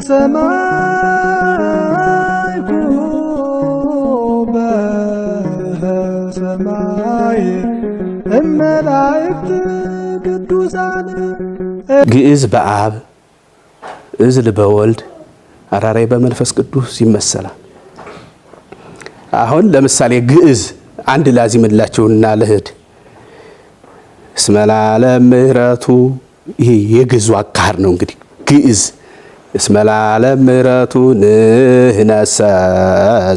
በሰማይኩ በሰማይ እመላእክት ቅዱሳን ግዕዝ በአብ እዝል በወልድ አራራይ በመንፈስ ቅዱስ ይመሰላል። አሁን ለምሳሌ ግዕዝ አንድ ላዚምላችሁና ልሂድ እስመ ለዓለም ምሕረቱ ይሄ የግዕዙ አካር ነው። እንግዲህ ግዕዝ እስመላለም ምረቱ ንህነሰ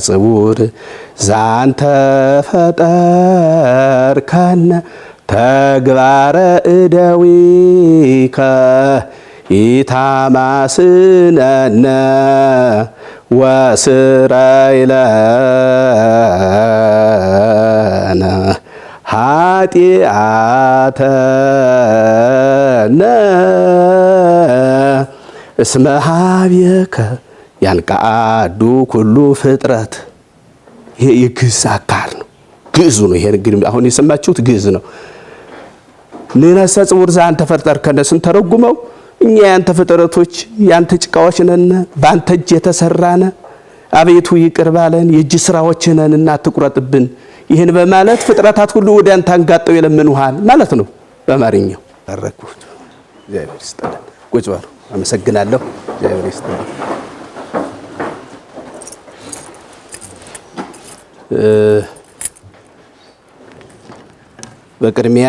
ጽቡር ዛንተ ፈጠርከነ ተግባረ እደዊከ ኢታማስነነ ወስረይለነ ሃጢአተነ እስመ ሀቤከ ያንቃአዱ ኩሉ ፍጥረት። ይሄ የግዕዝ አካል ነው፣ ግዕዙ ነው። ይሄን እንግዲህ አሁን የሰማችሁት ግዕዝ ነው። ንነሰ ጽውር ዘአንተ ፈጠርከነ ስንተረጉመው እኛ ያንተ ፍጥረቶች ያንተ ጭቃዎች ነን፣ በአንተ እጅ የተሰራነ አቤቱ ይቅር ባለን የእጅ ስራዎች ነን እና ትቁረጥብን። ይህን በማለት ፍጥረታት ሁሉ ወደ አንተ አንጋጠው የለምንሃል ማለት ነው። በአማርኛው አረኩት። አመሰግናለሁ። በቅድሚያ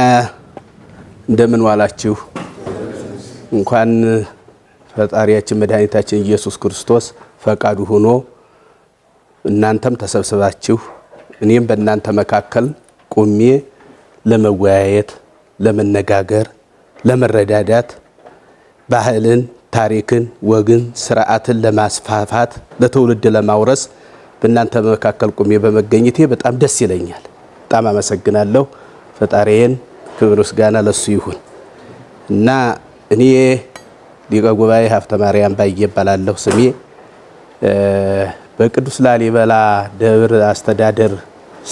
እንደምን ዋላችሁ። እንኳን ፈጣሪያችን መድኃኒታችን ኢየሱስ ክርስቶስ ፈቃዱ ሆኖ እናንተም ተሰብስባችሁ እኔም በእናንተ መካከል ቁሜ ለመወያየት፣ ለመነጋገር፣ ለመረዳዳት ባህልን፣ ታሪክን፣ ወግን፣ ስርዓትን ለማስፋፋት ለትውልድ ለማውረስ በእናንተ መካከል ቁሜ በመገኘቴ በጣም ደስ ይለኛል። በጣም አመሰግናለሁ። ፈጣሪዬን ክብር ምስጋና ለሱ ይሁን እና እኔ ሊቀ ጉባኤ ሀብተ ማርያም ባዬ እባላለሁ ስሜ በቅዱስ ላሊበላ ደብር አስተዳደር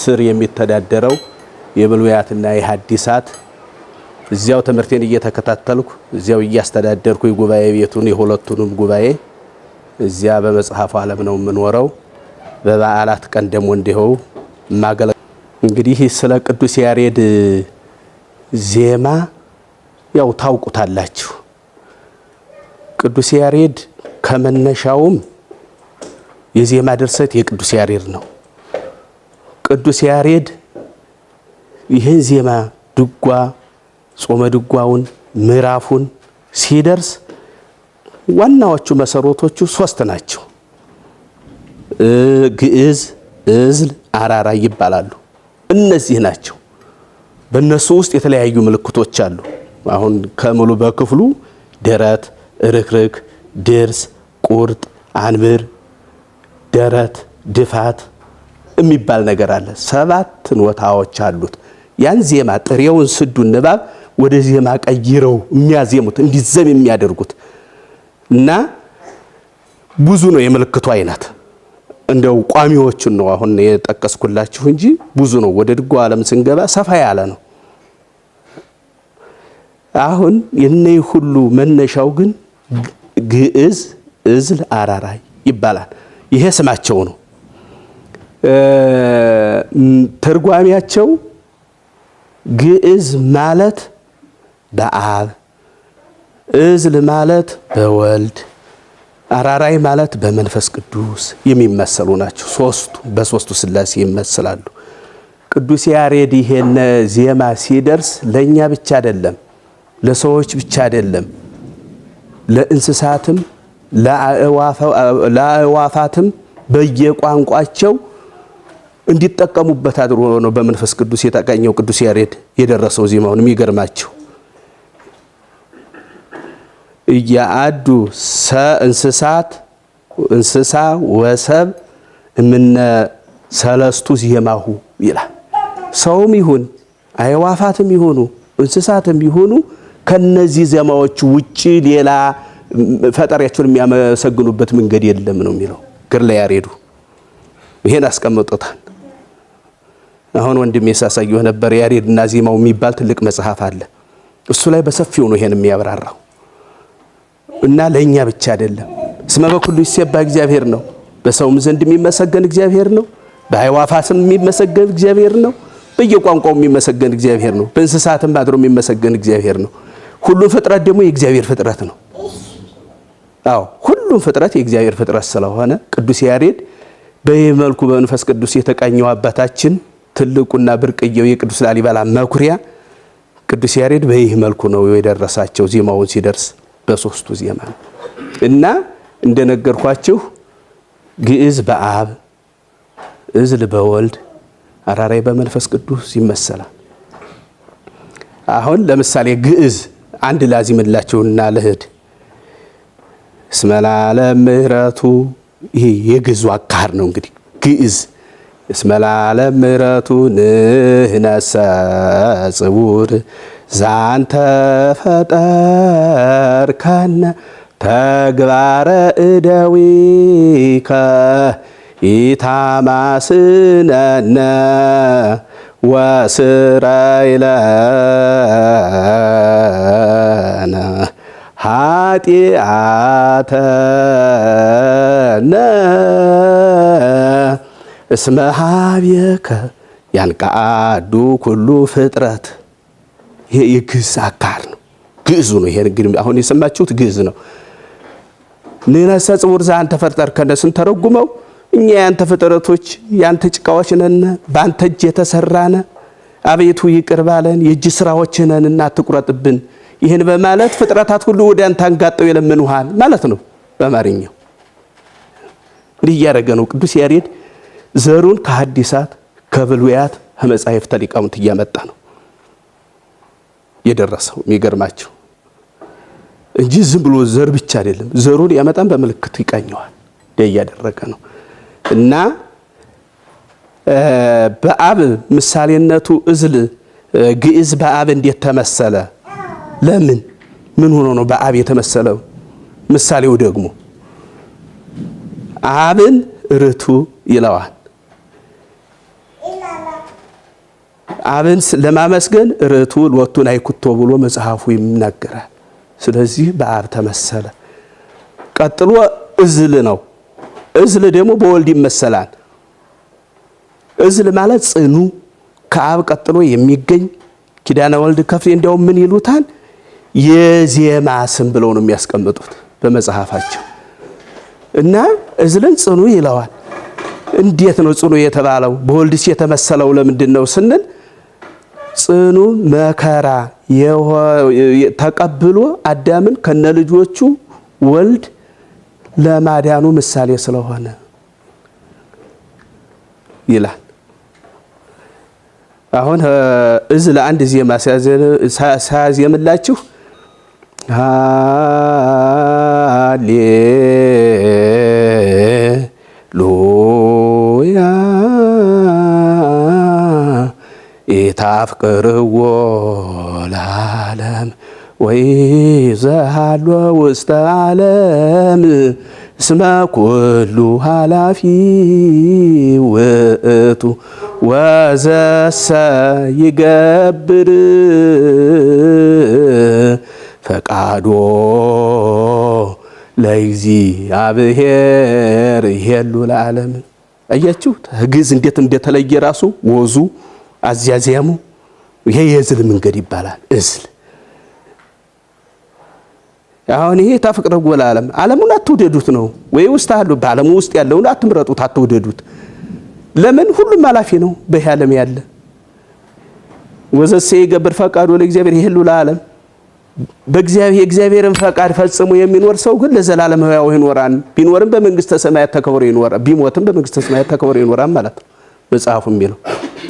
ስር የሚተዳደረው የብሉያትና የሐዲሳት እዚያው ትምህርቴን እየተከታተልኩ እዚያው እያስተዳደርኩ የጉባኤ ቤቱን የሁለቱንም ጉባኤ እዚያ በመጽሐፉ ዓለም ነው የምኖረው። በበዓላት ቀን ደግሞ እንዲሁ ማገለ እንግዲህ ስለ ቅዱስ ያሬድ ዜማ ያው ታውቁታላችሁ። ቅዱስ ያሬድ ከመነሻውም የዜማ ድርሰት የቅዱስ ያሬድ ነው። ቅዱስ ያሬድ ይህን ዜማ ድጓ ጾመ ድጓውን ምዕራፉን ሲደርስ ዋናዎቹ መሰረቶቹ ሶስት ናቸው። ግዕዝ፣ እዝል፣ አራራ ይባላሉ። እነዚህ ናቸው። በእነሱ ውስጥ የተለያዩ ምልክቶች አሉ። አሁን ከምሉ በክፍሉ ደረት፣ ርክርክ፣ ድርስ፣ ቁርጥ፣ አንብር፣ ደረት፣ ድፋት የሚባል ነገር አለ። ሰባት ኖታዎች አሉት። ያን ዜማ ጥሬውን ስዱን ንባብ ወደ ዜማ ቀይረው የሚያዜሙት እንዲዘም የሚያደርጉት እና ብዙ ነው የምልክቱ አይነት። እንደው ቋሚዎቹን ነው አሁን የጠቀስኩላችሁ እንጂ ብዙ ነው። ወደ ድጓ ዓለም ስንገባ ሰፋ ያለ ነው። አሁን የነይ ሁሉ መነሻው ግን ግዕዝ፣ እዝል፣ አራራ ይባላል። ይሄ ስማቸው ነው። ተርጓሚያቸው ግዕዝ ማለት በአብ እዝል ማለት በወልድ አራራይ ማለት በመንፈስ ቅዱስ የሚመሰሉ ናቸው። ሶስቱ በሶስቱ ስላሴ ይመስላሉ። ቅዱስ ያሬድ ይሄን ዜማ ሲደርስ ለእኛ ብቻ አይደለም፣ ለሰዎች ብቻ አይደለም፣ ለእንስሳትም ለአእዋፋትም በየቋንቋቸው እንዲጠቀሙበት አድሮ ነው በመንፈስ ቅዱስ የተቀኘው ቅዱስ ያሬድ የደረሰው ዜማ። የሚገርማቸው የሚገርማችሁ እያአዱ እንስሳት እንስሳ ወሰብ እምነ ሰለስቱ ዜማሁ ይላል። ሰውም ይሁን አይዋፋትም ይሆኑ እንስሳትም ይሆኑ ከነዚህ ዜማዎች ውጪ ሌላ ፈጣሪያቸውን የሚያመሰግኑበት መንገድ የለም ነው የሚለው ግር ላይ ያሬዱ ይሄን አስቀምጦታል። አሁን ወንድሜ ሳሳየሁ ነበር ያሬድ ዜማው የሚባል ትልቅ መጽሐፍ አለ። እሱ ላይ በሰፊው ነው ይሄን የሚያብራራው እና ለኛ ብቻ አይደለም። እስመ በኩሉ ይሴባ እግዚአብሔር ነው። በሰውም ዘንድ የሚመሰገን እግዚአብሔር ነው። በአይዋፋስም የሚመሰገን እግዚአብሔር ነው። በየቋንቋው የሚመሰገን እግዚአብሔር ነው። በእንስሳትም አድሮ የሚመሰገን እግዚአብሔር ነው። ሁሉም ፍጥረት ደግሞ የእግዚአብሔር ፍጥረት ነው። አዎ ሁሉም ፍጥረት የእግዚአብሔር ፍጥረት ስለሆነ ቅዱስ ያሬድ በይህ መልኩ በመንፈስ ቅዱስ የተቃኘው አባታችን ትልቁና ብርቅየው የቅዱስ ላሊበላ መኩሪያ ቅዱስ ያሬድ በይህ መልኩ ነው የደረሳቸው። ዜማውን ሲደርስ በሶስቱ ዜማ ነው እና እንደነገርኳችሁ ግዕዝ በአብ እዝል በወልድ አራራይ በመንፈስ ቅዱስ ይመሰላል። አሁን ለምሳሌ ግዕዝ አንድ ላዚምላችሁና ልሂድ እስመ ለዓለም ምሕረቱ ይሄ የግዕዙ አካር ነው እንግዲህ ግዕዝ እስመላለም ምረቱ ንህነሰ ጽውር ዛንተ ፈጠርከነ ተግባረ እደዊከ ኢታማስነነ ወስረይለነ ሃጢአተነ እስመ ሀቤከ ኩሉ ፍጥረት። ይሄ የግዕዝ አካል ነው። ግዕዙ ነው። ይሄ እንግዲህ አሁን የሰማችሁት ግዕዝ ነው። ንነሰ ዘአንተ ፈጠርከነ ስንተረጉመው እኛ ያንተ ፍጥረቶች ያንተ ጭቃዎች ነን፣ በአንተ እጅ የተሰራነ አቤቱ ይቅር ባለን የእጅ ስራዎች ነንና አትቁረጥብን። ይህን በማለት ፍጥረታት ሁሉ ወደ አንተ አንጋጠው የለምንሃል ማለት ነው። በአማርኛው እንዲህ እያደረገ ነው ቅዱስ ያሬድ ዘሩን ከሐዲሳት ከብሉያት ከመጻሕፍተ ሊቃውንት እያመጣ ነው የደረሰው። የሚገርማቸው እንጂ ዝም ብሎ ዘር ብቻ አይደለም። ዘሩን ያመጣን በምልክት ይቃኘዋል እያደረገ ነው እና በአብ ምሳሌነቱ እዝል ግዕዝ በአብ እንዴት ተመሰለ? ለምን ምን ሆኖ ነው በአብ የተመሰለው? ምሳሌው ደግሞ አብን ርቱ ይለዋል። አብን ለማመስገን ርቱ ሎቱን አይኩቶ ብሎ መጽሐፉ ይናገራል። ስለዚህ በአብ ተመሰለ። ቀጥሎ እዝል ነው። እዝል ደግሞ በወልድ ይመሰላል። እዝል ማለት ጽኑ ከአብ ቀጥሎ የሚገኝ ኪዳነ ወልድ ከፍሬ እንዲያውም ምን ይሉታል? የዜማ ስም ብለው ነው የሚያስቀምጡት በመጽሐፋቸው እና እዝልን ጽኑ ይለዋል። እንዴት ነው ጽኑ የተባለው? በወልድስ የተመሰለው ለምንድን ነው ስንል ጽኑ መከራ ተቀብሎ አዳምን ከነልጆቹ ወልድ ለማዳኑ ምሳሌ ስለሆነ ይላል። አሁን እዝ ለአንድ ዜማ ሳያዜምላችሁ ሃሌ ሉ አፍቅርዎ ለዓለም ወይ ዘሃሎ ውስተ ዓለም እስመ ኩሉ ኃላፊ ውእቱ ወዘሰ ይገብር ፈቃዶ ለእግዚአብሔር ይሄሉ ለዓለም። አያችሁ ግዕዝ እንዴት እንደተለየ ራሱ ወዙ አዝያዝያሙ ይሄ የእዝል መንገድ ይባላል። እዝል አሁን ይሄ ታፈቅረው ወለ ዓለም ዓለሙን አትውደዱት ነው ወይ ውስጥ አሉ በዓለሙ ውስጥ ያለውን አትምረጡት፣ አትውደዱት። ለምን ሁሉም አላፊ ነው። በዚህ ዓለም ያለ ወዘሴ ገብር ፈቃዱ ለእግዚአብሔር ይሄ ሁሉ ለዓለም በእግዚአብሔር የእግዚአብሔርን ፈቃድ ፈጽሞ የሚኖር ሰው ግን ለዘላለም ሕያው ይኖራል። ቢኖርም በመንግስተ ሰማያት ተከብሮ ይኖራል፣ ቢሞትም በመንግስተ ሰማያት ተከብሮ ይኖራል ማለት ነው መጽሐፉ የሚለው።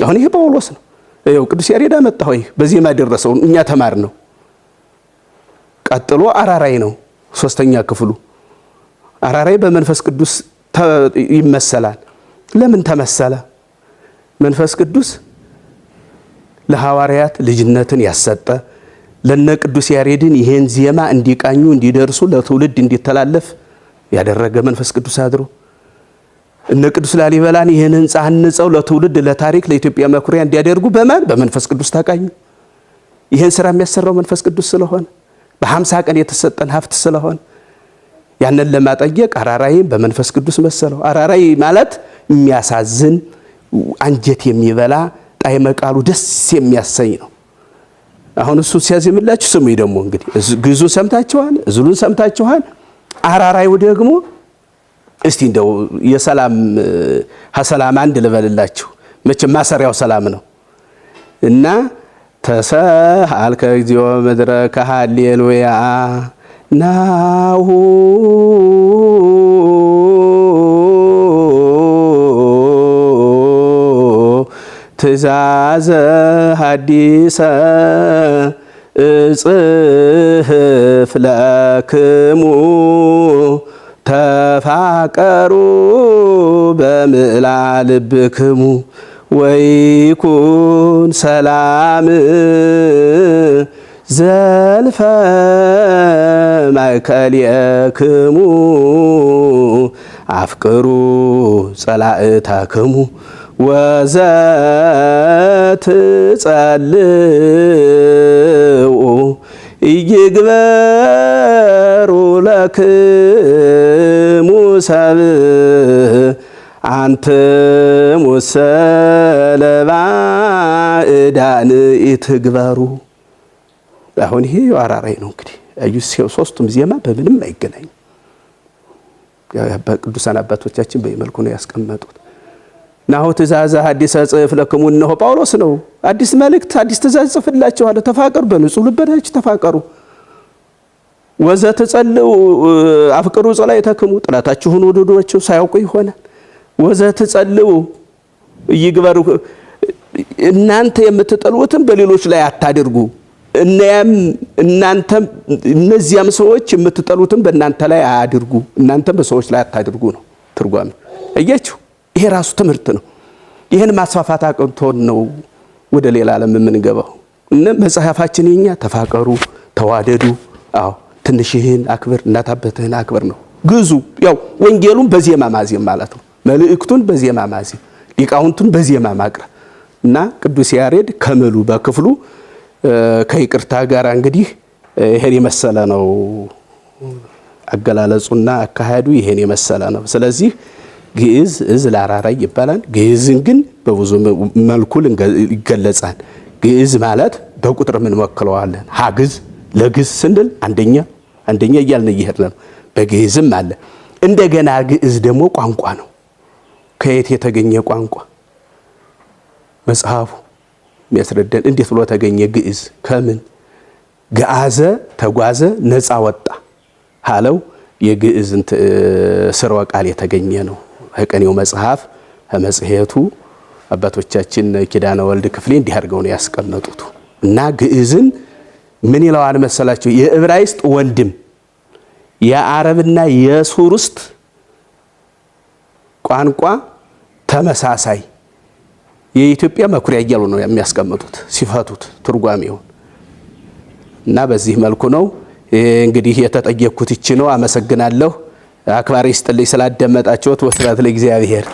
አሁን ይሄ ጳውሎስ ነው። ይኸው ቅዱስ ያሬድ አመጣ ሆይ በዜማ ደረሰው እኛ ተማር ነው። ቀጥሎ አራራይ ነው ሶስተኛ ክፍሉ። አራራይ በመንፈስ ቅዱስ ይመሰላል። ለምን ተመሰለ? መንፈስ ቅዱስ ለሐዋርያት ልጅነትን ያሰጠ ለነ ቅዱስ ያሬድን ይሄን ዜማ እንዲቃኙ እንዲደርሱ ለትውልድ እንዲተላለፍ ያደረገ መንፈስ ቅዱስ አድሮ እነ ቅዱስ ላሊበላን ይህን ህንፃ አንጸው ለትውልድ ለታሪክ ለኢትዮጵያ መኩሪያ እንዲያደርጉ በማን በመንፈስ ቅዱስ ታቃኙ። ይህን ስራ የሚያሰራው መንፈስ ቅዱስ ስለሆነ በሀምሳ ቀን የተሰጠን ሀብት ስለሆነ ያንን ለማጠየቅ አራራይም በመንፈስ ቅዱስ መሰለው። አራራይ ማለት የሚያሳዝን አንጀት የሚበላ ጣዕመ ቃሉ ደስ የሚያሰኝ ነው። አሁን እሱ ሲያዝምላችሁ ስሙ። ደግሞ እንግዲህ ግዙን ሰምታችኋል፣ እዝሉን ሰምታችኋል። አራራዩ ደግሞ እስቲ እንደው የሰላም ሀሰላም አንድ ልበልላችሁ። መቼም ማሰሪያው ሰላም ነው እና ተሰአልከ እግዚኦ ምድረ ከሃሌሉያ ናሁ ትእዛዘ ሐዲሰ እጽህፍ ለክሙ ተፋቀሩ በምላ ልብክሙ ወይኩን ሰላም ዘልፈ ማእከልየክሙ አፍቅሩ ጸላእታክሙ ወዘትጸልው ይግበሩ ለክሙ ሰብእ አንትሙ ሰለባ ዕዳን ይትግበሩ። አሁን ይሄ የዋራራይ ነው እንግዲህ እዩ። ሶስቱም ዜማ በምንም አይገናኝም። በቅዱሳን አባቶቻችን በይመልኩ ነው ያስቀመጡት። ናሁ ትእዛዘ ሐዲሰ ጽፍ ለክሙ እነሆ ጳውሎስ ነው። አዲስ መልእክት አዲስ ትእዛዝ ጽፍላችኋለሁ፣ ተፋቀሩ፣ በንጹህ ልቦናችሁ ተፋቀሩ። ወዘ ትጸልው አፍቅሩ ጸላኢተክሙ ጠላታችሁን ውደዷቸው፣ ሳያውቁ ይሆናል። ወዘ ትጸልው ይግበሩ እናንተ የምትጠሉትን በሌሎች ላይ አታድርጉ፣ እናንተም እነዚያም ሰዎች የምትጠሉትን በእናንተ ላይ አያድርጉ፣ እናንተም በሰዎች ላይ አታድርጉ ነው ትርጓሜ። እያችሁ ይሄ ራሱ ትምህርት ነው። ይህን ማስፋፋት አቅንቶን ነው ወደ ሌላ ዓለም የምንገባው። እነ መጽሐፋችን የኛ ተፋቀሩ፣ ተዋደዱ፣ አዎ ትንሽህን አክብር፣ እናታበትህን አክብር ነው ግዙ። ያው ወንጌሉን በዜማ ማዜም ማለት ነው። መልእክቱን በዜማ ማዜም፣ ሊቃውንቱን በዜማ ማቅረብ እና ቅዱስ ያሬድ ከምሉ በክፍሉ ከይቅርታ ጋር እንግዲህ ይሄን የመሰለ ነው አገላለጹና አካሄዱ ይሄን የመሰለ ነው። ስለዚህ ግዕዝ እዝ ላራራይ ይባላል። ግዕዝን ግን በብዙ መልኩ ይገለጻል። ግዕዝ ማለት በቁጥር የምንወክለዋለን። ሀግዝ ለግዝ ስንል አንደኛ አንደኛ እያልን እየሄድን ነው። በግዕዝም አለ። እንደገና ግዕዝ ደግሞ ቋንቋ ነው። ከየት የተገኘ ቋንቋ? መጽሐፉ የሚያስረዳን እንዴት ብሎ ተገኘ? ግዕዝ ከምን ገአዘ ተጓዘ ነፃ ወጣ አለው። የግዕዝ ስርወ ቃል የተገኘ ነው። ህቅኔው መጽሐፍ መጽሔቱ አባቶቻችን ኪዳነ ወልድ ክፍሌ እንዲህ አድርገው ነው ያስቀመጡት እና ግዕዝን ምን ይለዋል መሰላቸው? የዕብራይስጥ ወንድም የአረብና የሱር ውስጥ ቋንቋ ተመሳሳይ የኢትዮጵያ መኩሪያ እያሉ ነው የሚያስቀምጡት ሲፈቱት ትርጓሜውን እና በዚህ መልኩ ነው እንግዲህ የተጠየቅኩት። ይቺ ነው። አመሰግናለሁ። አክባሪ ስጥልኝ ስላደመጣችሁት። ወስብሐት ለእግዚአብሔር።